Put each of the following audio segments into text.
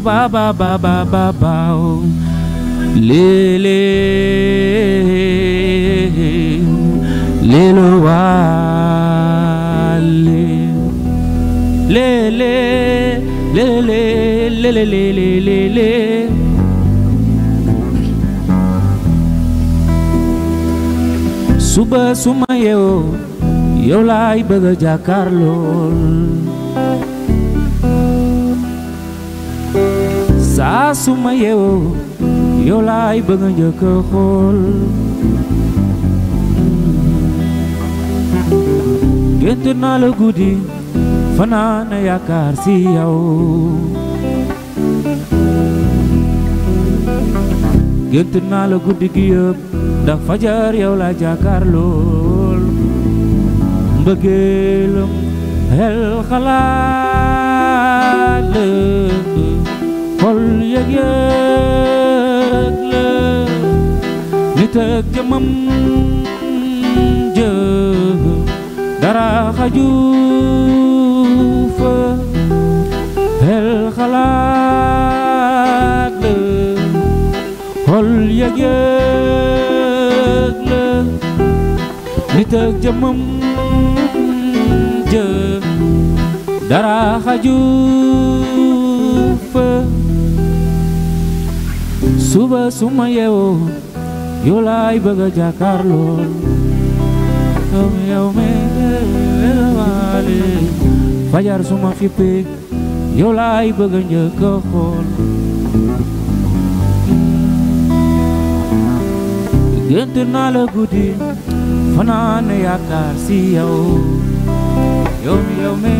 ba ba ba ba ba ba lele lelo wale lele lele lele lele lele suba suma yeewoo yow laay bëgg a jàkkaarlool saa su ma yeewoo yow laay bëgg a njëkk a la guddi fanaan a yaakaar si yow gént naa la guddi gi yëpp ndax fajar yow laa jàkkaar lool mbëggeelam xel xalaat yëg-yëg la dara xaju fa xalaat la xol yëg la nit ak jëmam dara xaju suba suma yeewoo yow laay bëgg a jàkkaar lool yow me fajar suma fippee yow laay bëgg a njëkk a xool gént naa la guddi fanaan yaakaar si yow yow mi yow me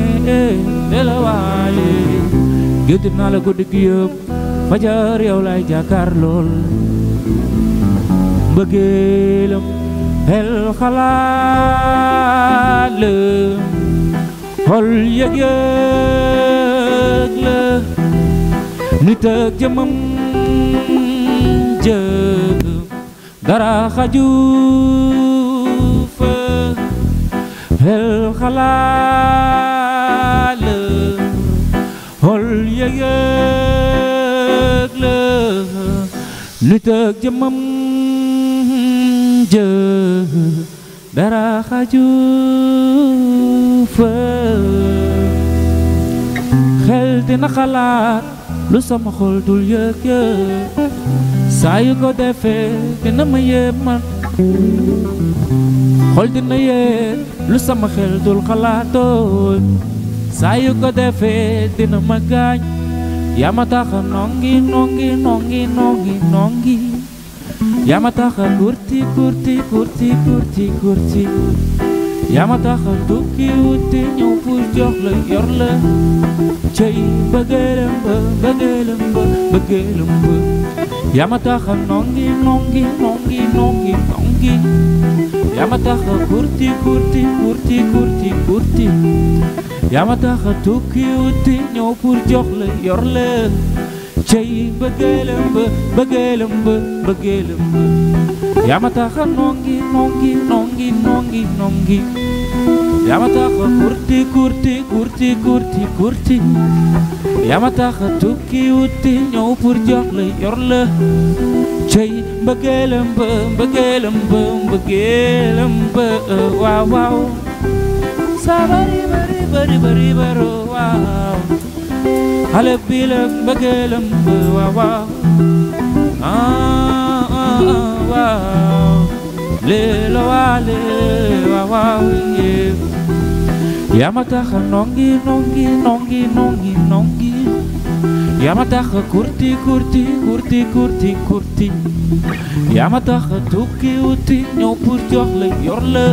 bela eh, waale naa la guddi gi fajar yow lay jàkkaar lool mbëggeelam xel xalaat la xol yëg-yëg la nit ak jëmam jëg dara xaju fa xel xalaat lu tëg jëmam jë dara xaju fa xel dina xalaat lu sama xol dul yëg yëg saa yu ko defee dina ma yéem man xol dina yéeg lu sama xel dul xalaatoo saa yu ko defee dina ma gaañ Yamataha nongi nongi nongi nongi nongi Yamataha kurti kurti kurti kurti kurti Yamataha tukki wuti ñëw pour jox la yor la cey bëggeelam ba bëggeelam ba bëggeelam nongi nongi nongi nongi nongi yaa ma tax a kurti kurti kurti kurti yaa ma tax a tukki wuti ñëw pour jox la yor la ba bëggeelam ba bëggeelam yaa ma tax a nongi nongi nongi nongi nongi yaa ma tax a kurti kurti kurti kurti kurti yaa ma tax tukki wuti ñëw pour jox la yor la cey mbëggeelam ba mbëggeelam ba mbëggeelam ba waaw waaw sa bari bari bari bari baro waaw xale bi la mbëggeelam ba waaw waaw ah ah, ah waaw lelo wale wawawiye yamataka nongi nongi nongi nongi nongi yamataka kurti kurti kurti kurti kurti yamataka tukki uti ñëw pour jox la yor la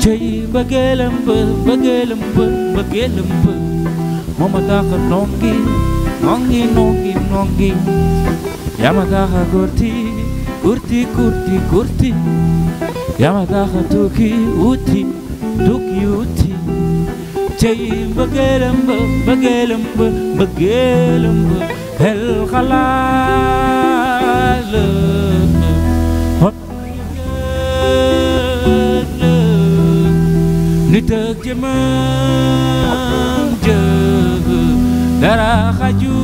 cey bëggeelam ba bëggeelam ba bëggeelam ba mamataka nongi nongi nongi nongi yamataka kurti kurti kurti kurti yamadaxa tukki wuti tukki wuti cey ba mbëggeelam ba ba xel xalaat la xob la nit ak dara xaju